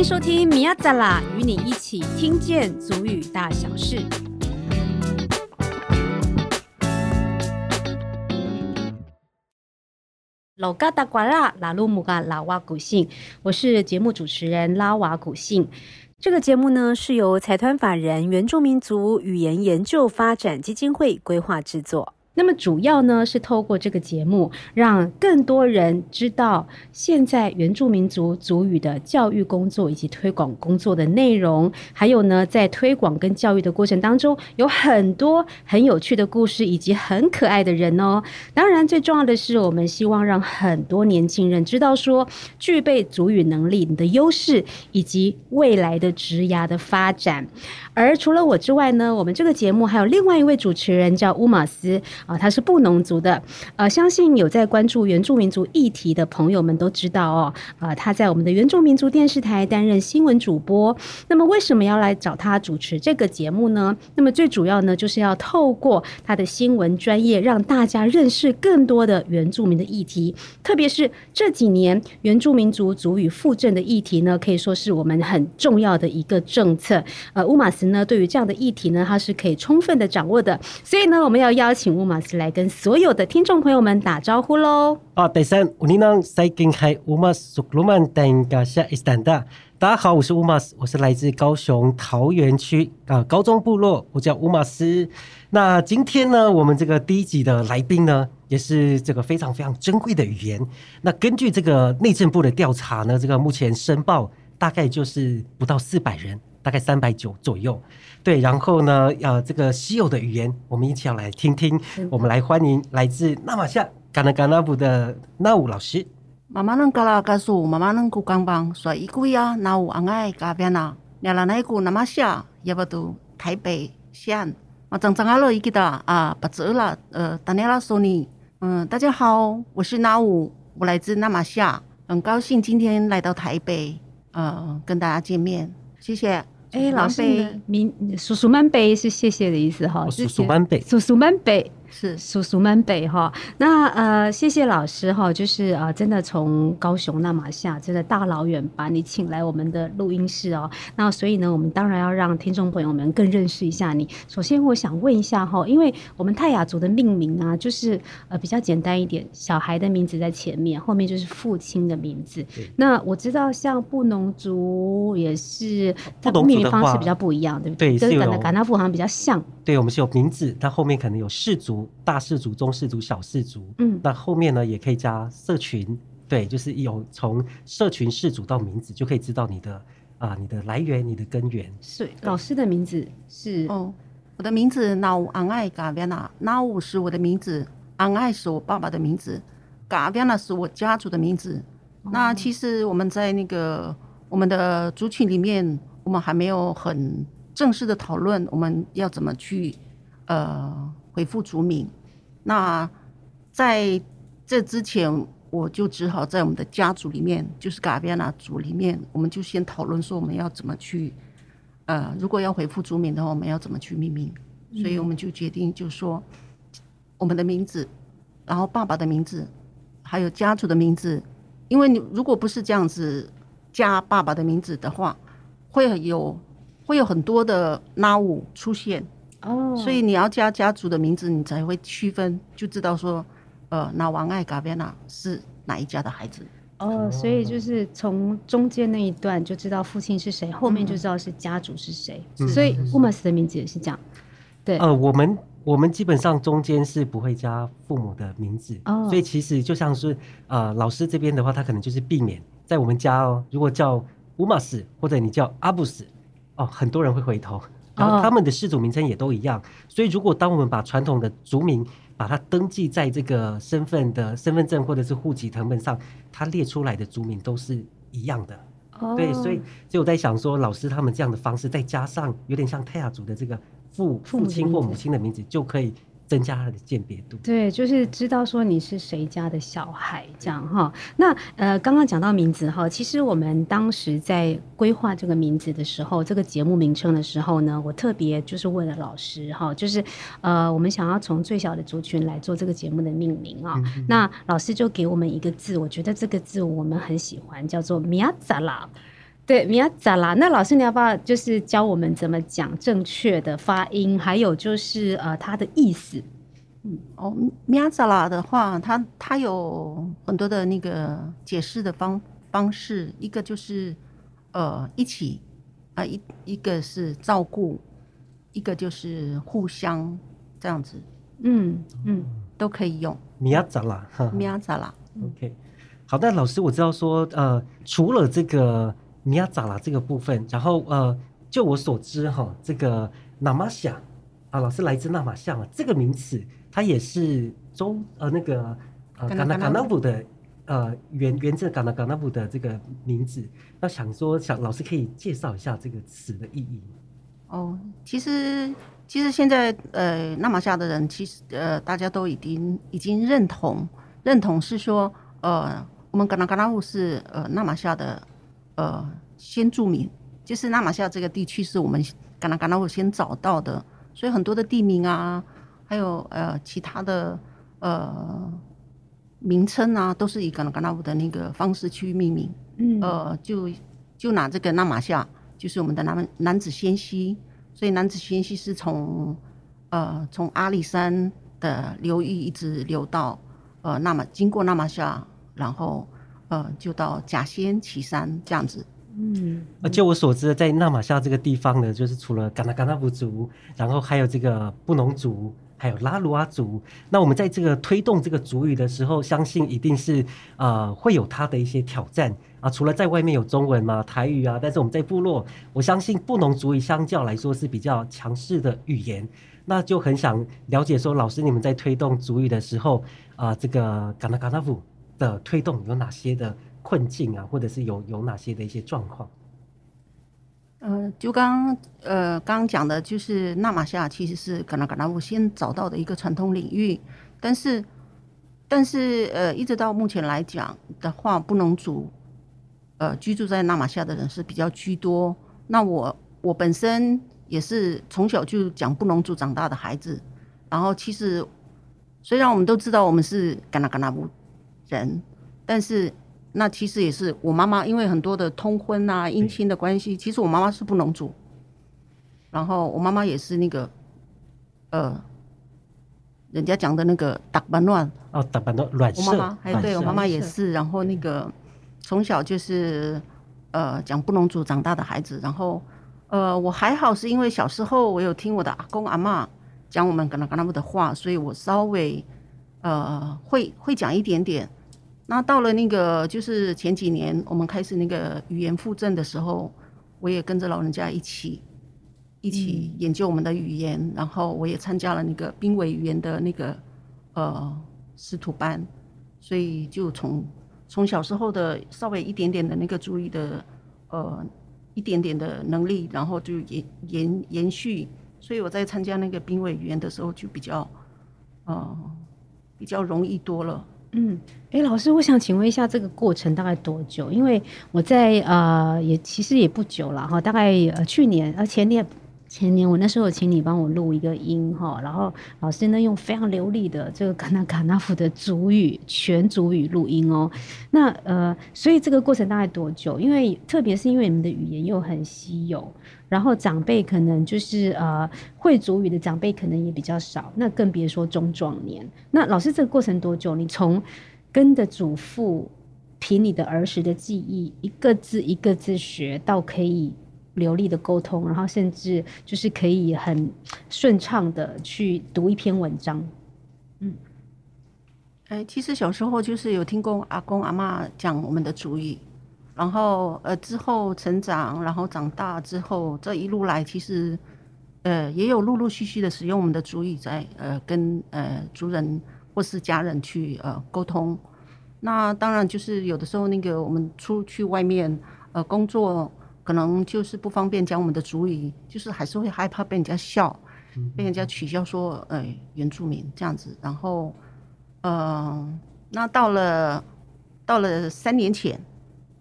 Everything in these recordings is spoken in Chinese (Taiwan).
歡迎收聽 miaacara，la, 與你一起聽見族語大小事。老嘎達瓜拉拉魯木嘎拉瓦谷倖，我是節目主持人拉瓦谷倖。這個節目呢，是由財團法人原住民族語言研究發展基金會規劃制作。那麼主要呢是透過這個節目，讓更多人知道現在原住民族族語的教育工作以及推廣工作的內容，還有呢，在推廣跟教育的過程當中，有很多很有趣的故事以及很可愛的人哦。當然最重要的是，我們希望讓很多年輕人知道說，具備族語能力你的優勢以及未來的職涯的發展。而除了我之外呢，我們這個節目還有另外一位主持人叫烏馬斯。啊、呃，他是布農族的，呃，相信有在關注原住民族議題的朋友們都知道哦，啊、呃，他在我們的原住民族電視台擔任新聞主播。那麼為什麼要來找他主持這個節目呢？那麼最主要呢，就是要透過他的新聞專業，讓大家認識更多的原住民的議題，特別是這幾年原住民族語復振的議題呢，可以說是我們很重要的一個政策。呃，烏馬斯呢，對於這樣的議題呢，他是可以充分的掌握的，所以呢，我們要邀請烏。馬斯來跟所有的聽眾朋友們打招呼嘍！啊，第三尼朗賽金海烏馬斯索克洛曼丁加謝伊坦達，大家好，我是烏馬斯，我是來自高雄桃園區啊、呃、高中部落，我叫烏馬斯。那今天呢，我們這個第一集的來賓呢，也是這個非常非常珍貴的語言。那根據這個內政部的調查呢，這個目前申報大概就是不到四百人。大概三百九左右，對，然後呢，呃，這個稀有的語言，我們一起要來聽聽。嗯、我們來歡迎來自那瑪夏卡那卡那富的誽鄔老師。媽媽儂噶啦噶說，媽媽能過剛幫說，一個呀，誽鄔・昂艿・卡阿妃雅誽，伢伢奈過那瑪夏，一百多台北、西安，我從張阿一個記啊，不走了，呃，當年老師你，嗯，大家好，我是誽鄔，我來自那瑪夏，很高興今天來到台北，呃，跟大家見面。謝謝，哎，老師，明叔叔滿杯是謝謝的意思哈，叔叔滿杯，叔叔滿杯。是叔叔們北哈，那呃謝謝老師哈，就是啊、呃、真的從高雄那瑪夏，真的大老遠把你請來我們的錄音室哦，那所以呢，我們當然要讓聽眾朋友們更認識一下你。首先我想問一下哈，因為我們泰雅族的命名啊，就是呃比較簡單一點，小孩的名字在前面，後面就是父親的名字。對那我知道像布農族也是，他們的命名方式比較不一樣，對不對？對，跟我們的卡那卡那富好像比較像。對，我們是有名字，但後面可能有氏族。大氏族、中氏族、小氏族，嗯，那後面呢也可以加社群，對，就是有從社群氏族到名字，就可以知道你的啊、呃，你的來源、你的根源。是對 老師的名字是，是哦，我的名字是 Nau Angai Kaaviana，Nau 是我的名字，Angai 是我爸爸的名字，Kaaviana 是我家族的名字。哦、那其實我們在那個我們的族群裡面，我們還沒有很正式的討論我們要怎麼去呃。回復族名，那在這之前，我就只好在我們的家族裡面，就是 Kaaviana 族裡面，我們就先討論說我們要怎麼去，呃，如果要回復族名的話，我們要怎麼去命名？所以我們就決定就說，嗯、我們的名字，然後爸爸的名字，還有家族的名字，因為你如果不是這樣子加爸爸的名字的話，會有會有很多的 Nau 出現。哦，oh, 所以你要加家族的名字，你才會區分，就知道說，呃，那王愛嘎邊娜是哪一家的孩子。哦，所以就是從中間那一段就知道父親是誰，後面就知道是家族是誰。Mm hmm. 所以巫瑪斯的名字也是這樣。對，呃，我們我們基本上中間是不會加父母的名字。哦，oh. 所以其實就像是，呃，老師這邊的話，他可能就是避免在我們家哦，如果叫巫瑪斯或者你叫阿布斯，哦，很多人會回頭。然後他們的氏族名稱也都一樣，oh. 所以如果當我們把傳統的族名把它登記在這個身份的身份證或者是戶籍謄本上，它列出來的族名都是一樣的。Oh. 對，所以就我在想說，老師他們這樣的方式，再加上有點像泰雅族的這個父父親或母親的名字，嗯嗯就可以。增加他的鑑別度，對，就是知道說你是誰家的小孩這樣哈。那呃，剛剛講到名字哈，其實我們當時在規劃這個名字的時候，這個節目名稱的時候呢，我特別就是問了老師哈，就是呃，我們想要從最小的族群來做這個節目的命名啊。嗯、哼那老師就給我們一個字，我覺得這個字我們很喜歡，叫做 “miaacara”。對，miaacara，那老師，你要不要就是教我們怎麼講正確的發音？還有就是呃，它的意思。嗯，哦 miaacara 的話，它它有很多的那個解釋的方方式，一個就是呃一起啊、呃、一一個是照顧，一個就是互相這樣子。嗯嗯，都可以用。miaacara miaacara。呵呵拉嗯、OK，好的，那老師，我知道說呃，除了這個。你要找了這個部分？然後呃，就我所知哈，這個那瑪夏啊，老師來自那瑪夏嘛，這個名詞它也是中呃那個呃卡那卡那富的呃原源，源自卡那卡那富的這個名字。那想說，想老師可以介紹一下這個詞的意義。哦，其實其實現在呃那瑪夏的人其實呃大家都已經已經認同認同是說呃我們卡那卡那富是呃那瑪夏的。呃，先說明，就是那瑪夏這個地區是我們卡那卡那富先找到的，所以很多的地名啊，還有呃其他的呃名稱啊，都是以卡那卡那富的那個方式去命名。嗯。呃，就就拿這個那瑪夏，就是我們的南楠梓仙溪，所以楠梓仙溪是從呃從阿里山的流域一直流到呃那瑪經過那瑪夏，然後。呃，就到甲仙旗山這樣子。嗯，啊，就我所知，在那瑪夏這個地方呢，就是除了卡那卡那富族，然後還有這個布農族，還有拉魯阿族。那我們在這個推動這個族語的時候，相信一定是呃會有它的一些挑戰啊。除了在外面有中文嘛、台語啊，但是我們在部落，我相信布農族語相較來說是比較強勢的語言。那就很想了解說，老師你們在推動族語的時候，啊、呃，這個卡那卡那富。的推動有哪些的困境啊，或者是有有哪些的一些狀況？呃，呃，就剛呃剛講的，就是那瑪夏其實是卡那卡那富先找到的一個傳統領域，但是但是呃，一直到目前來講的話，布農族呃居住在那瑪夏的人是比較居多。那我我本身也是從小就講布農族長大的孩子，然後其實雖然我們都知道我們是卡那卡那富。人，但是那其實也是我媽媽，因為很多的通婚啊、姻親的關係，對其實我媽媽是布農族，然後我媽媽也是那個，呃，人家講的那個打扮亂。哦，打扮亂，我媽媽色對，我媽媽也是。色然後那個從小就是呃講布農族長大的孩子。然後呃我還好，是因為小時候我有聽我的阿公阿嬤講我們卡那卡那富的話，所以我稍微呃會會講一點點。那到了那個，就是前幾年我們開始那個語言復振的時候，我也跟着老人家一起一起研究我們的語言，嗯、然後我也參加了那個瀕危語言的那個呃師徒班，所以就從從小時候的稍微一點點的那個注意的呃一點點的能力，然後就延延延續，所以我在參加那個瀕危語言的時候就比較呃比較容易多了。嗯，誒、欸，老師，我想請問一下，這個過程大概多久？因為我在呃，也其實也不久了哈、哦，大概、呃、去年，而前前前年，前年我那時候有請你幫我錄一個音哈、哦，然後老師呢用非常流利的這個卡納卡納夫的族語全族語錄音哦，那呃，所以這個過程大概多久？因為特別是因為你們的語言又很稀有。然後長輩可能就是呃會族語的長輩可能也比較少，那更別說中壯年。那老師這個過程多久？你從跟着祖父憑你的兒時的記憶，一個字一個字學到可以流利的溝通，然後甚至就是可以很順暢的去讀一篇文章。嗯，哎、欸，其實小時候就是有聽過阿公阿嬤講我們的族語。然後，呃，之後成長，然後長大之後，這一路來其實，呃，也有陸陸續續的使用我們的族語在，呃，跟呃族人或是家人去呃溝通。那當然就是有的時候，那個我們出去外面，呃，工作可能就是不方便講我們的族語，就是還是會害怕被人家笑，嗯嗯被人家取笑說，呃原住民這樣子。然後，呃，那到了到了三年前。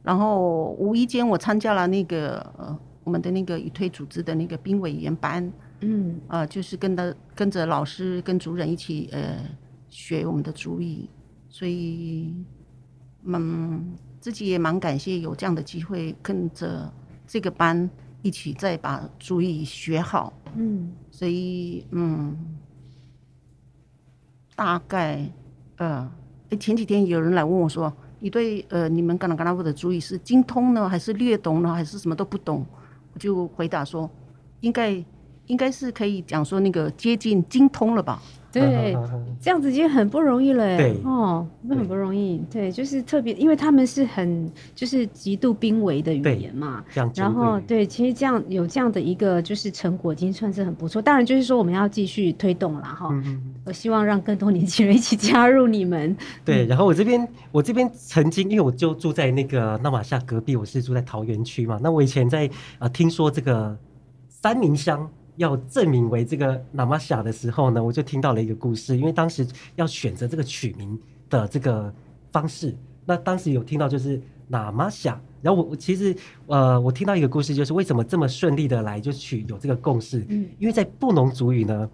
然後無意間，我參加了那個呃，我們的那個語推組織的那個兵委員班，嗯，啊、呃，就是跟着跟着老師跟族人一起呃學我們的族語，所以，嗯，自己也蠻感謝有這樣的機會跟着這個班一起再把族語學好，嗯，所以嗯，大概呃，前幾天有人來問我說，你對呃，你們剛剛干了的族語是精通呢，還是略懂呢，還是什麼都不懂？我就回答說，應該。應該是可以講說那個接近精通了吧？對，嗯嗯、這樣子已經很不容易了。對，哦，那很不容易。對，對，就是特別，因為他們是很就是極度瀕危的語言嘛。這樣然後對，其實這樣有這樣的一個就是成果，已經算是很不錯。當然，就是說我們要繼續推動了哈。嗯、我希望讓更多年輕人一起加入你們。對，嗯、然後我這邊我這邊曾經，因為我就住在那個那瑪夏隔壁，我是住在桃源區嘛。那我以前在啊、呃，聽說這個三民鄉。要正名為這個那瑪夏的時候呢，我就聽到了一個故事。因為當時要選擇這個取名的這個方式，那當時有聽到就是那瑪夏。然後我我其實呃，我聽到一個故事，就是為什麼這麼順利的來就取有這個共識？嗯。因為在布農族語呢，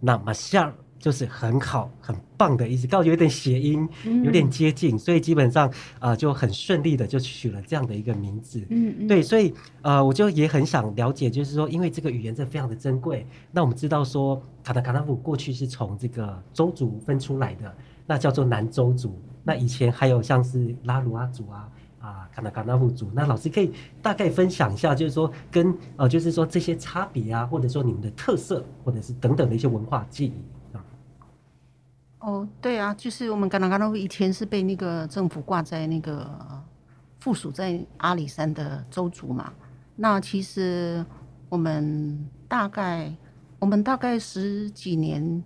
那瑪夏就是很好、很棒的意思，感覺有點諧音，有點接近，嗯、所以基本上啊、呃、就很順利的就取了這樣的一個名字。嗯，嗯，對，所以、呃、我就也很想了解，就是說，因為這個語言是非常的珍貴。那我們知道說，卡那卡那富過去是從這個鄒族分出來的，那叫做南鄒族。那以前還有像是拉魯阿族啊、啊卡那卡那富族。那老師可以大概分享一下，就是說跟呃，就是說這些差別啊，或者說你們的特色，或者是等等的一些文化記憶。哦，oh, 對啊，就是我們卡那卡那富以前是被那個政府掛在那個附屬在阿里山的鄒族嘛。那其實我們大概我們大概十幾年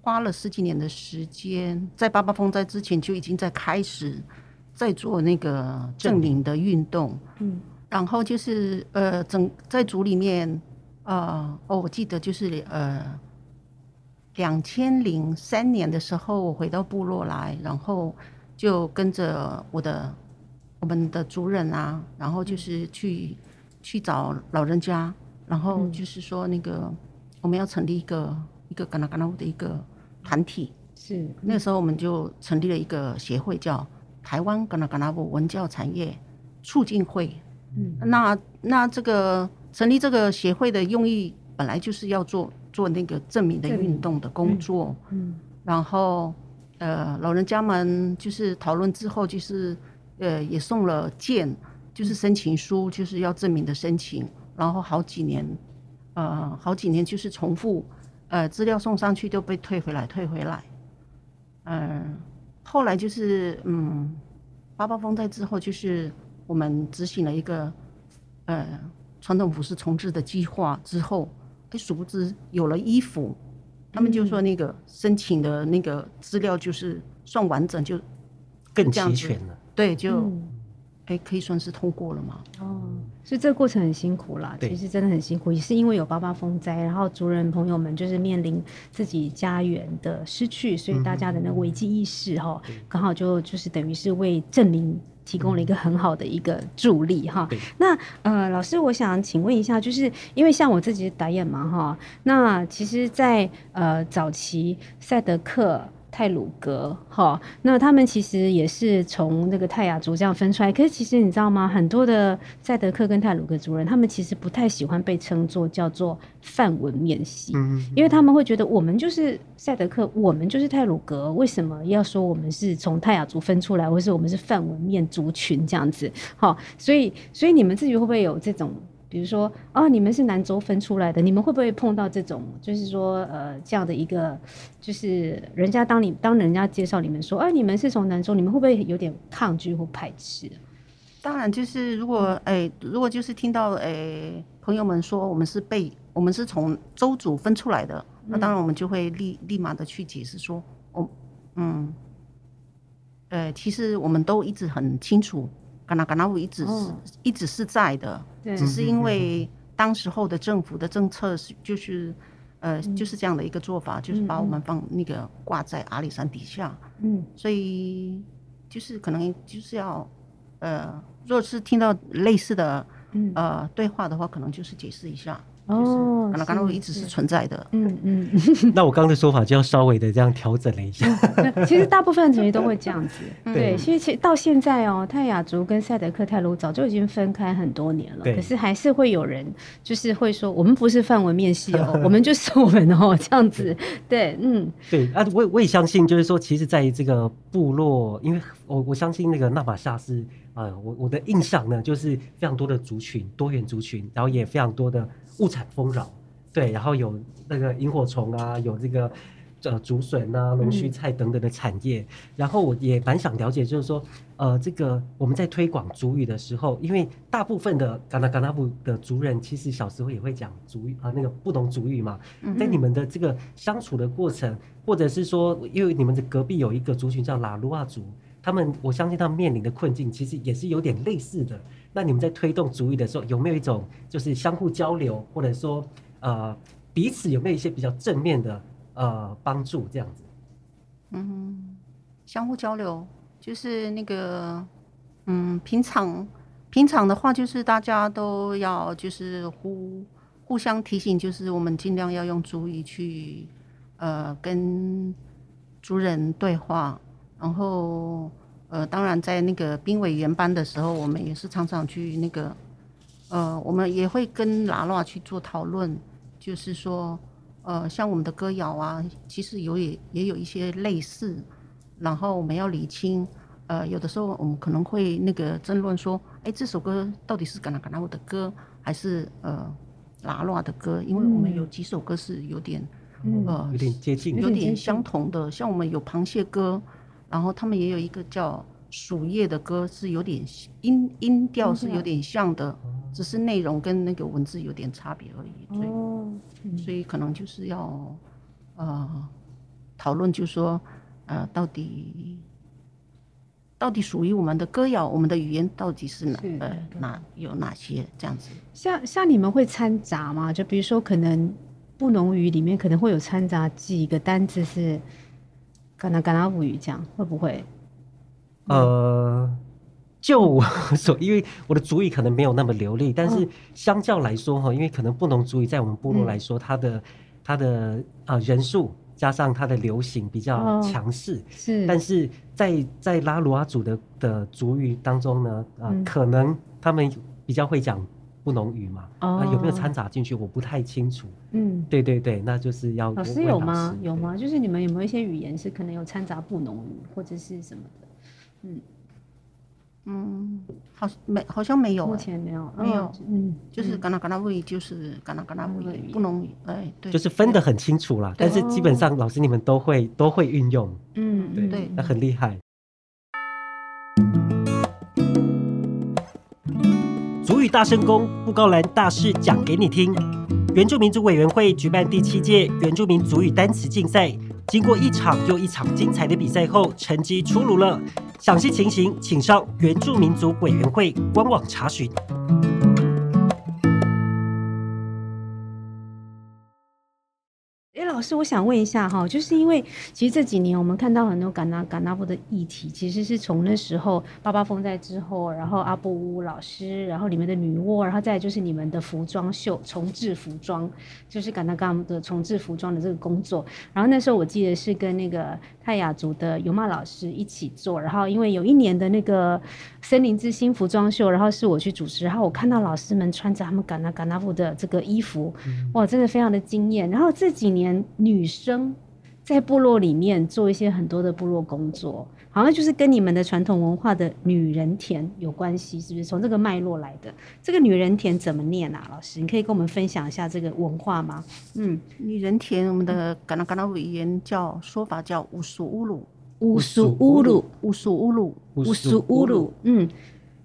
花了十幾年的時間，在八八風災之前就已經在開始在做那個正名的運動。嗯，嗯，然後就是呃，整在族裡面啊、呃，哦，我記得就是呃。兩千零三年的時候，我回到部落來，然後就跟着我的我們的族人啊，然後就是去、嗯、去找老人家，然後就是說那個我們要成立一個、嗯、一個卡那卡那富的一個團體。是。那時候我們就成立了一個協會，叫台灣卡那卡那富文教產業促進會。嗯。那那這個成立這個協會的用意，本來就是要做。做那個正名的運動的工作嗯，嗯，嗯，然後，呃，老人家們就是討論之後，就是，呃，也送了件，就是申請書，就是要正名的申請，然後好幾年，呃，好幾年就是重複，呃，資料送上去就被退回來，退回來，嗯、呃，後來就是，嗯，八八風災之後，就是我們執行了一個，呃，傳統服飾重置的計劃之後。殊不知有了衣服，他們就說那個申請的那個資料就是算完整，就更齊全了。對，就。嗯哎，可以算是通過了嗎？哦，所以這個過程很辛苦啦，其實真的很辛苦，對也是因為有八八風災，然後族人朋友們就是面臨自己家園的失去，所以大家的那個危機意識哈、哦，嗯嗯嗯剛好就就是等於是為正名提供了一個很好的一個助力哈。嗯嗯那呃，老師，我想請問一下，就是因為像我自己是導演嘛哈，那其實在，在呃早期賽德克。太魯閣，哈、哦，那他們其實也是從那個泰雅族這樣分出來。可是其實你知道嗎？很多的賽德克跟太魯閣族人，他們其實不太喜歡被稱作叫做泛紋面系，因為他們會覺得我們就是賽德克，我們就是太魯閣，為什麼要說我們是從泰雅族分出來，或是我們是泛紋面族群這樣子？好、哦，所以，所以你們自己會不會有這種？比如說，啊，你們是南鄒分出來的，你們會不會碰到這種，就是說，呃，這樣的一個，就是人家當你當人家介紹你們說，啊，你們是從南鄒，你們會不會有點抗拒或排斥？當然，就是如果，哎、欸，如果就是聽到，哎、欸，朋友們說我們是被我們是從鄒族分出來的，那當然我們就會立立馬的去解釋說，我，嗯，呃，其實我們都一直很清楚。卡那卡那富一直是，哦、一直是在的，對只是因為當時候的政府的政策是，就是，嗯、呃，就是這樣的一個做法，嗯、就是把我們放那個掛在阿里山底下，嗯，所以就是可能就是要，呃，若是聽到類似的呃對話的話，可能就是解釋一下。哦，那剛剛一直是存在的。嗯嗯，那我剛剛的說法就要稍微的這樣調整了一下。其實大部分族群都會這樣子。對，其實其實到現在哦，泰雅族跟賽德克泰魯早就已經分開很多年了，可是還是會有人就是會說，我們不是範圍面試哦，我們就是我們哦，這樣子。對，嗯，對，啊，我我也相信，就是說，其實在這個部落，因為我我相信那個那瑪夏是。啊、呃，我我的印象呢，就是非常多的族群，多元族群，然後也非常多的物產豐饒，對，然後有那個螢火蟲啊，有這個，呃，竹筍啊，龍鬚菜等等的產業。嗯、然後我也蠻想了解，就是說，呃，這個我們在推廣族語的時候，因為大部分的卡那卡那富的族人其實小時候也會講族語啊，那個不懂族語嘛。嗯哼。在你們的這個相處的過程，或者是說，因為你們的隔壁有一個族群叫拉魯阿族。他們，我相信他們面臨的困境其實也是有點類似的。那你們在推動族語的時候，有沒有一種就是相互交流，或者說呃彼此有沒有一些比較正面的呃幫助這樣子？嗯，相互交流就是那個嗯，平常平常的話，就是大家都要就是互互相提醒，就是我們盡量要用族語去呃跟族人對話。然後，呃，當然在那個賓委員班的時候，我們也是常常去那個，呃，我們也會跟拉拉去做討論，就是說，呃，像我們的歌謠啊，其實有也也有一些類似，然後我們要理清，呃，有的時候我們可能會那個爭論說，哎，這首歌到底是格拉格拉我的歌，還是呃拉拉的歌？因為我們有幾首歌是有點、嗯、呃有點接近，有點相同的，像我們有螃蟹歌。然後他們也有一個叫《鼠夜》的歌，是有點音音調是有點像的，的啊、只是內容跟那個文字有點差別而已。所以可能就是要，呃，討論就是說，呃，到底到底屬於我們的歌謠，我們的語言到底是哪呃哪有哪些這樣子？像像你們會摻雜嗎？就比如說，可能布農語裡面可能會有摻雜幾個單字是。可能卡那卡那富語這樣，會不會？呃，就我所因為我的族語可能沒有那麼流利， 但是相較來說哈，因為可能布農族語在我們部落來說，嗯、它的、它的啊、呃、人數加上它的流行比較強勢、哦，是。但是在在拉魯阿族的的族語當中呢，啊、呃，嗯、可能他們比較會講。不濃語嘛，啊，有沒有摻雜進去？我不太清楚。嗯，對對對，那就是要老師有嗎？有嗎？就是你們有沒有一些語言是可能有摻雜布農語或者是什麼的？嗯嗯，好沒好像沒有，目前沒有沒有。嗯，就是卡那卡那富，就是卡那卡那富，布農語。哎，對，就是分得很清楚啦，但是基本上老師你們都會都會運用。嗯，對，那很厲害。族語大聲公，布告欄大事講給你聽，原住民族委員會舉辦第七屆原住民族語單詞競賽，經過一場又一場精彩的比賽後，成績出爐了。詳細情形，請上原住民族委員會官網查詢。老師，我想問一下哈，就是因為其實這幾年我們看到很多卡那卡那富的議題，其實是從那時候八八風災之後，然後阿布娪老師，然後你們的女窩，然後再就是你們的服裝秀，重製服裝，就是卡那卡那富的重製服裝的這個工作。然後那時候我記得是跟那個。泰雅族的尤瑪老師一起做。然後因為有一年的那個森林之星服裝秀，然後是我去主持，然後我看到老師們穿着他們卡那卡那富的這個衣服，嗯、哇，真的非常的驚豔。然後這幾年女生在部落裡面做一些很多的部落工作，好像就是跟你們的傳統文化的“女人田”有關係，是不是從這個脈絡來的？這個“女人田”怎麼念啊？老師，你可以跟我們分享一下這個文化嗎？嗯，“女人田”嗯、我們的卡那卡那富語言叫說法叫烏蘇烏魯，烏蘇烏魯，烏蘇烏魯，烏蘇烏魯。嗯，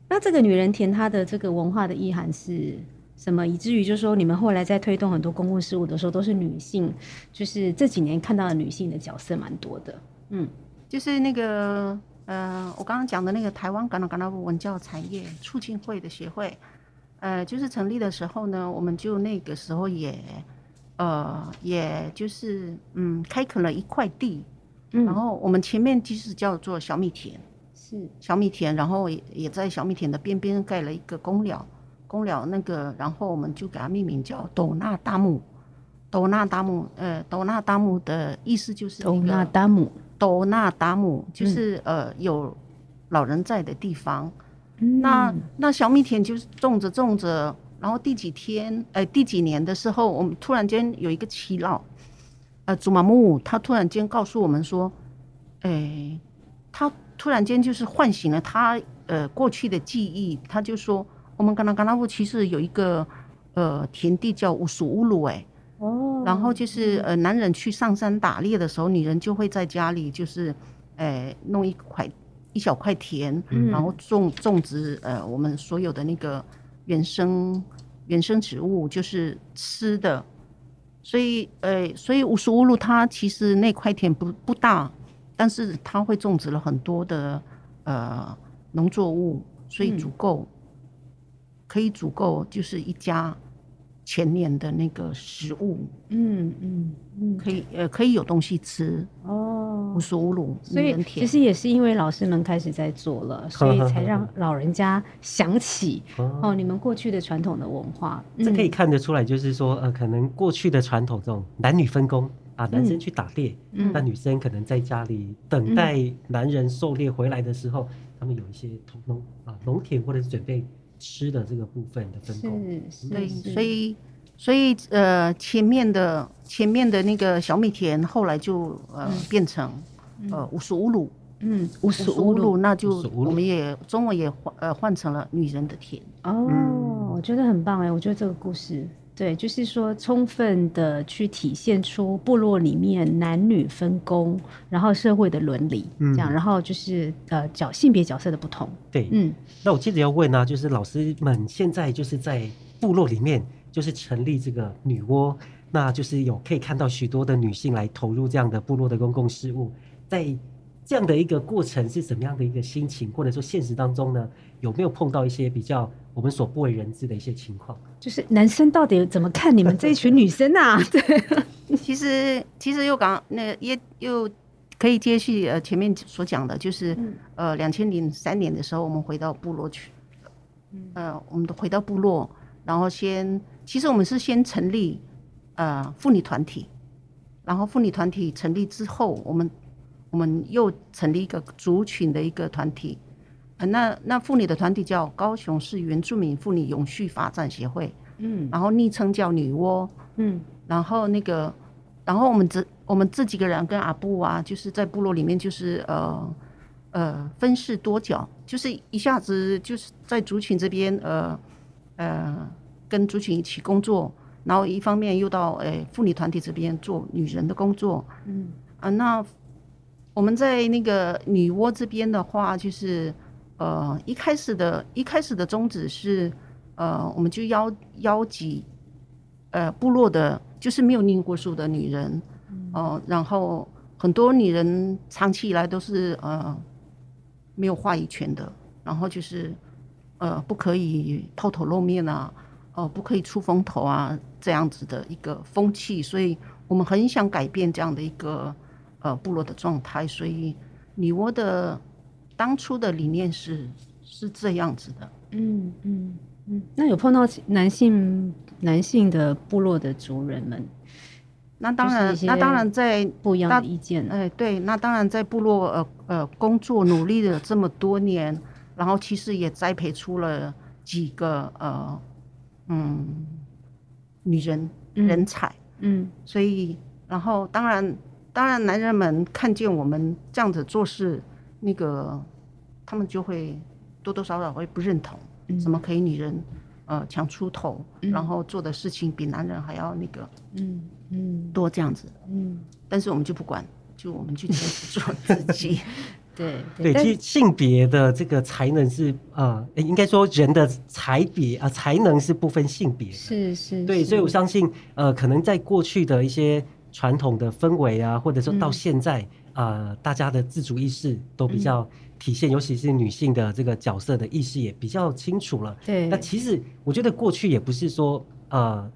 那這個“女人田”她的這個文化的意涵是什麼？以至於就是說，你們後來在推動很多公共事務的時候，都是女性，就是這幾年看到的女性的角色蠻多的。嗯。就是那個，呃，我剛剛講的那個台灣卡那卡那富文教產業促進會的協會，呃，就是成立的時候呢，我們就那個時候也，呃，也就是，嗯，開墾了一塊地，嗯、然後我們前面就是叫做小米田，是小米田，然後也也在小米田的邊邊蓋了一個公寮，公寮那個，然後我們就給它命名叫斗納大姆，斗納大姆，呃，斗納大姆的意思就是斗納大姆。多納達姆就是呃有老人在的地方，嗯、那那小米田就是種着種着，然後第幾天呃，第幾年的時候，我們突然間有一個耆老，呃祖瑪木他突然間告訴我們說，哎、欸、他突然間就是喚醒了他呃過去的記憶，他就說我們卡那卡那富其實有一個呃田地叫烏蘇烏魯哎。然後就是呃，男人去上山打獵的時候，女人就會在家裡就是，誒、呃，弄一塊一小塊田，嗯、然後種種植呃我們所有的那個原生原生植物，就是吃的。所以呃，所以五十五路它其實那塊田不不大，但是它會種植了很多的呃農作物，所以足夠、嗯、可以足夠就是一家。全年的那個食物，嗯嗯嗯，嗯可以呃、嗯、可以有東西吃哦，五穀滷，所以其實也是因為老師們開始在做了，嗯、所以才讓老人家想起、嗯、哦你們過去的傳統的文化，嗯、這可以看得出來，就是說呃可能過去的傳統這種男女分工啊，嗯、男生去打獵，那、嗯、女生可能在家裡等待男人狩獵回來的時候，嗯、他們有一些農啊農，農田或者是準備。吃的這個部分的分工，是,是、嗯。所以，所以，呃，前面的前面的那個小米田，後來就呃變成，嗯、呃，五十五路，嗯，五十五路，那就我們也中文也換呃換成了女人的田。哦，嗯、我覺得很棒哎、欸，我覺得這個故事。對，就是說充分的去體現出部落裡面男女分工，然後社會的倫理這樣，嗯、然後就是呃角性別角色的不同。對，嗯，那我接着要問呢、啊，就是老師們現在就是在部落裡面就是成立這個女窩，那就是有可以看到許多的女性來投入這樣的部落的公共事務，在這樣的一個過程是什麼樣的一個心情，或者說現實當中呢？有沒有碰到一些比較我們所不為人知的一些情況？就是男生到底怎麼看你們這一群女生呢、啊？對， 其實其實又剛那個、也又可以接續呃前面所講的，就是、嗯、呃兩千零三年的時候，我們回到部落去，嗯、呃，我們都回到部落，然後先其實我們是先成立呃婦女團體，然後婦女團體成立之後，我們我們又成立一個族群的一個團體。那那婦女的團體叫高雄市原住民婦女永續發展協會，嗯，然後昵稱叫女窩，嗯，然後那個，然後我們這我們這幾個人跟阿布啊，就是在部落裡面就是呃呃分飾多角，就是一下子就是在族群這邊呃呃跟族群一起工作，然後一方面又到誒、欸、婦女團體這邊做女人的工作，嗯啊、呃，那我們在那個女窩這邊的話就是。呃，一開始的，一開始的宗旨是，呃，我們就邀邀集，呃，部落的，就是沒有念過書的女人，哦、呃，然後很多女人長期以來都是呃沒有話語權的，然後就是呃不可以拋頭露面啊，呃，不可以出風頭啊，這樣子的一個風氣，所以我們很想改變這樣的一個呃部落的狀態，所以女窩的。當初的理念是是這樣子的，嗯嗯嗯。那有碰到男性男性的部落的族人們？那當然，那當然在不一樣的意見。哎、欸，對，那當然在部落呃呃工作努力了這麼多年， 然後其實也栽培出了幾個呃嗯女人人才，嗯。嗯所以，然後當然當然男人們看見我們這樣子做事那個。他們就會多多少少會不認同，怎麼可以女人，嗯、呃，強出頭，嗯、然後做的事情比男人還要那個，嗯嗯多這樣子嗯。嗯，嗯但是我們就不管，就我們去堅持做自己。 對對，對，對，其實性別的這個才能是啊、呃，應該說人的才比啊、呃、才能是不分性別。是是，是。對，所以我相信，呃，可能在過去的一些傳統的氛圍啊，或者說到現在啊、嗯呃，大家的自主意識都比較體現，尤其是女性的這個角色的意識也比較清楚了。對，那其實我覺得過去也不是說呃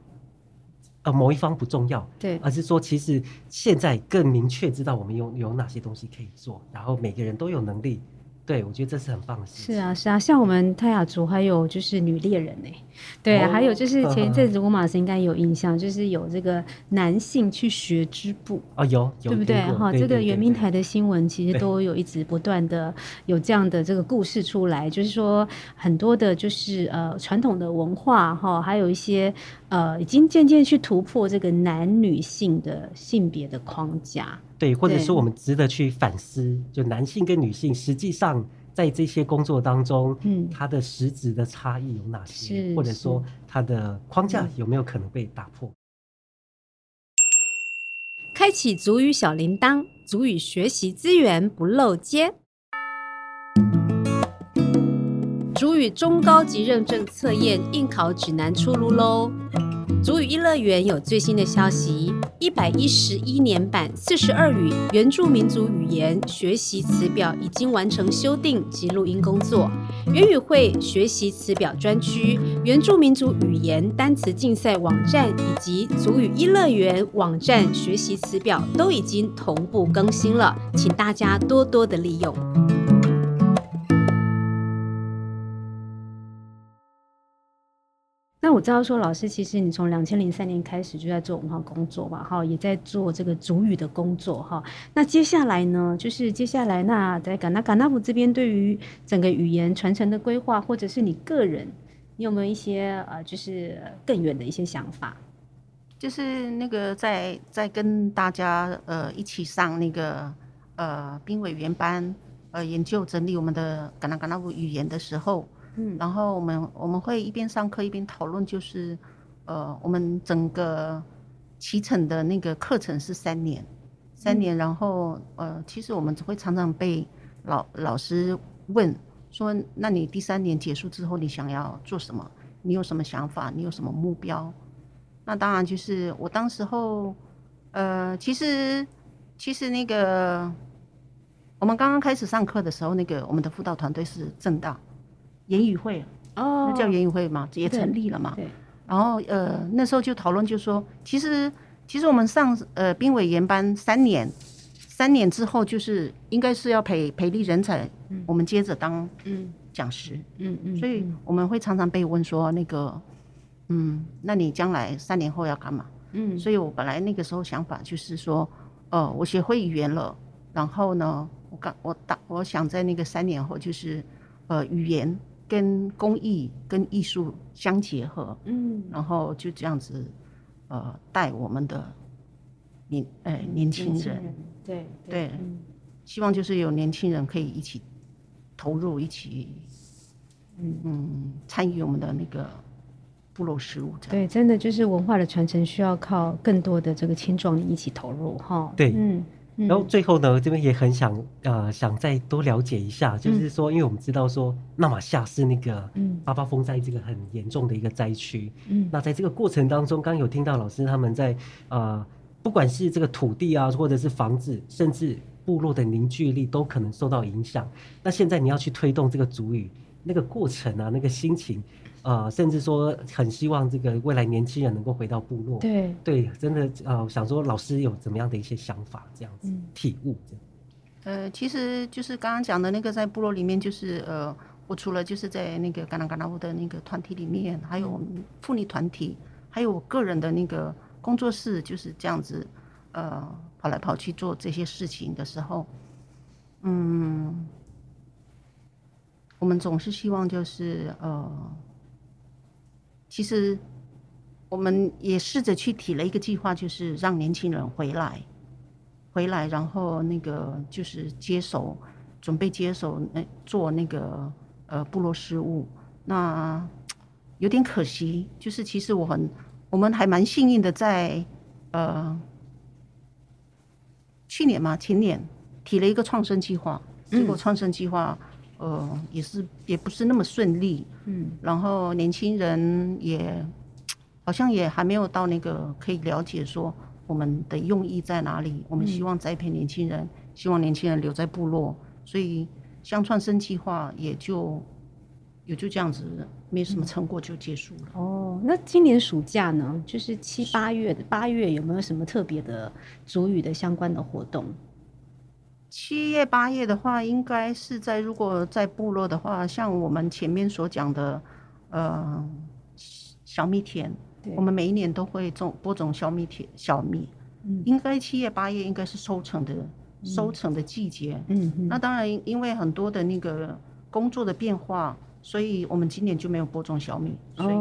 呃某一方不重要，對，而是說其實現在更明確知道我們有有哪些東西可以做，然後每個人都有能力。對，我覺得這是很棒的事情。是啊，是啊，像我們泰雅族還有就是女獵人呢、欸。對、啊，哦、還有就是前一陣子，我、嗯、烏馬斯應該有印象，就是有這個男性去學織布啊、哦，有，有對不對、啊？哈，對對對對對，這個原民台的新聞其實都有一直不斷的有這樣的這個故事出來，對就是說很多的，就是呃傳統的文化哈、哦，還有一些呃已經漸漸去突破這個男女性的性別的框架。對，或者是我們值得去反思，對就男性跟女性，實際上在這些工作當中，嗯，它的實質的差異有哪些？是是或者說它的框架有沒有可能被打破？嗯、開啟族語小鈴鐺，族語學習資源不漏接。族語中高級認證測驗應考指南出爐嘍！族語一樂園有最新的消息：一百一十一年版四十二語原住民族語言學習詞表已經完成修訂及錄音工作，原語會學習詞表專區、原住民族語言單詞競賽網站以及族語一樂園網站學習詞表都已經同步更新了，請大家多多的利用。我知道說，老師，其實你從二千零三年開始就在做文化工作吧？哈，也在做這個族語的工作哈。那接下來呢？就是接下來呢，那在卡那卡那富這邊，對於整個語言傳承的規劃，或者是你個人，你有沒有一些呃，就是更遠的一些想法？就是那個在在跟大家呃一起上那個呃兵委員班，呃研究整理我們的卡那卡那富語言的時候。嗯，然後我們我們會一邊上課一邊討論，就是，呃，我們整個啟程的那個課程是三年，三年。然後，嗯、呃，其實我們只會常常被老老師問說：“那你第三年結束之後，你想要做什麼？你有什麼想法？你有什麼目標？”那當然就是我當時候，呃，其實其實那個我們剛剛開始上課的時候，那個我們的輔導團隊是政大。言語會哦，那叫言語會嘛，也成立了嘛。對。對對對，然後呃，那時候就討論，就說其實其實我們上呃兵委研班三年，三年之後就是應該是要培培育人才，嗯、我們接着當講師。嗯嗯。嗯，所以我們會常常被問說那個嗯，嗯那你將來三年後要幹嘛？嗯。所以我本來那個時候想法就是說呃，我學會語言了，然後呢，我剛我打我想在那個三年後就是呃語言。跟工藝、跟藝術相結合，嗯，然後就這樣子，呃，帶我們的年，哎，嗯、年輕人、年輕人，對對，對嗯、希望就是有年輕人可以一起投入，一起，嗯，嗯，參與我們的那個部落事務。對，真的就是文化的傳承需要靠更多的這個青壯年一起投入，哈、哦，對，嗯。然後最後呢，這邊也很想呃，想再多了解一下，嗯、就是說，因為我們知道說，那瑪夏是那個八八風災這個很嚴重的一個災區。嗯，那在這個過程當中，剛剛有聽到老師他們在啊、呃，不管是這個土地啊，或者是房子，甚至部落的凝聚力，都可能受到影響。那現在你要去推動這個族語，那個過程啊，那個心情。呃，甚至說很希望這個未來年輕人能夠回到部落。對對，真的呃，想說老師有怎麼樣的一些想法，這樣子、嗯、體悟這樣。呃，其實就是剛剛講的那個，在部落裡面，就是呃，我除了就是在那個卡那卡那富的那個團體裡面，還有我們婦女團體，還有我個人的那個工作室，就是這樣子呃，跑來跑去做這些事情的時候，嗯，我們總是希望就是呃。其實，我們也試着去提了一個計劃，就是讓年輕人回來，回來，然後那個就是接手，準備接手，那做那個呃部落事務。那有點可惜，就是其實我很，我們還蠻幸運的在，在呃去年嘛，前年提了一個創生計劃，結果創生計劃。嗯呃，也是也不是那麼順利，嗯，然後年輕人也好像也還沒有到那個可以了解說我們的用意在哪裡，嗯、我們希望栽培年輕人，希望年輕人留在部落，所以鄉創生計劃也就也就這樣子，沒什麼成果就結束了。嗯、哦，那今年暑假呢，嗯、就是七八月，是八月有沒有什麼特別的族語的相關的活動？七月八月的話，應該是在如果在部落的話，像我們前面所講的，呃，小米田，我們每一年都會種播種小米田小米，應該七月八月應該是收成的收成的季節。嗯，那當然因為很多的那個工作的變化，所以我們今年就沒有播種小米。所以，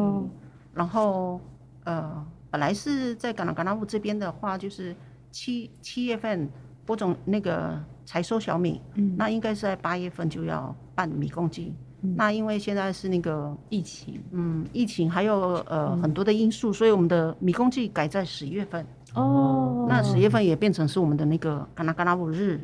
然後呃，本來是在卡那卡那富這邊的話，就是七七月份播種那個。才收小米，嗯，那應該是在八月份就要辦米貢祭。嗯、那因為現在是那個疫情，嗯，疫情還有呃、嗯、很多的因素，所以我們的米貢祭改在十月份，哦，那十月份也變成是我們的那個卡那卡那富日。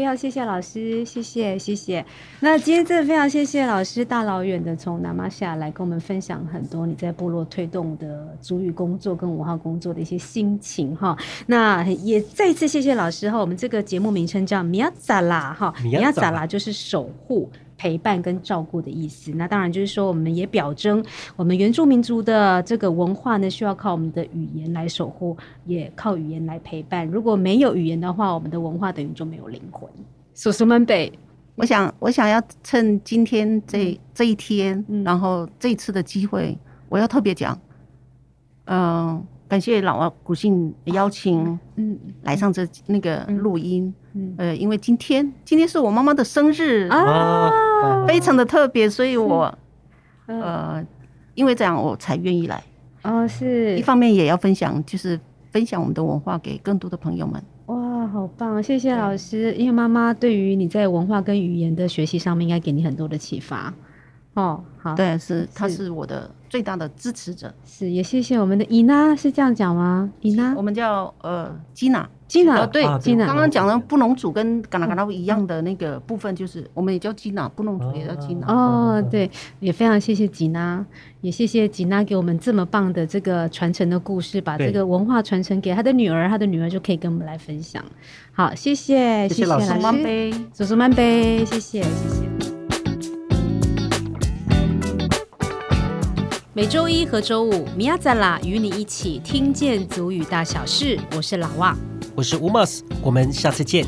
非常謝謝老師，謝謝謝謝。那今天真的非常謝謝老師，大老遠的從那瑪夏來跟我們分享很多你在部落推動的族語工作跟文化工作的一些心情哈。那也再次謝謝老師哈。我們這個節目名稱叫 miaacara 哈，miaacara 就是守護，陪伴跟照顧的意思，那當然就是說，我們也表徵我們原住民族的這個文化呢，需要靠我們的語言來守護，也靠語言來陪伴。如果沒有語言的話，我們的文化等於就沒有靈魂。叔叔們，北，我想，我想要趁今天這、嗯、這一天，嗯嗯、然後這一次的機會，我要特別講，嗯、呃，感謝拉娃谷倖的邀請嗯嗯，嗯，來上這那個錄音，嗯，呃，因為今天，今天是我媽媽的生日啊。非常的特別，所以我，嗯、呃，因為這樣我才願意來。哦，是。一方面也要分享，就是分享我們的文化給更多的朋友們。哇，好棒！謝謝老師，對因為媽媽對於你在文化跟語言的學習上面，應該給你很多的啟發。哦，好，對，是，是，她是我的最大的支持者。是，也謝謝我們的伊娜，na, 是這樣講嗎？伊娜，我們叫呃，吉娜。吉娜，對，吉娜 ina 剛剛講的布農族跟卡那卡那富一樣的那個部分，就是我們也叫吉娜、嗯，布農族也叫吉娜、啊。哦，對，也非常謝謝吉娜，也謝謝吉娜給我們這麼棒的這個傳承的故事，把這個文化傳承給她的女兒，對她的女兒就可以跟我們來分享。好，謝謝，謝謝老汪，叔叔慢，慢杯，謝謝，謝謝。每周一和周五，miaacara，與你一起聽見族語大小事，我是老汪。我是巫瑪斯，我們下次見。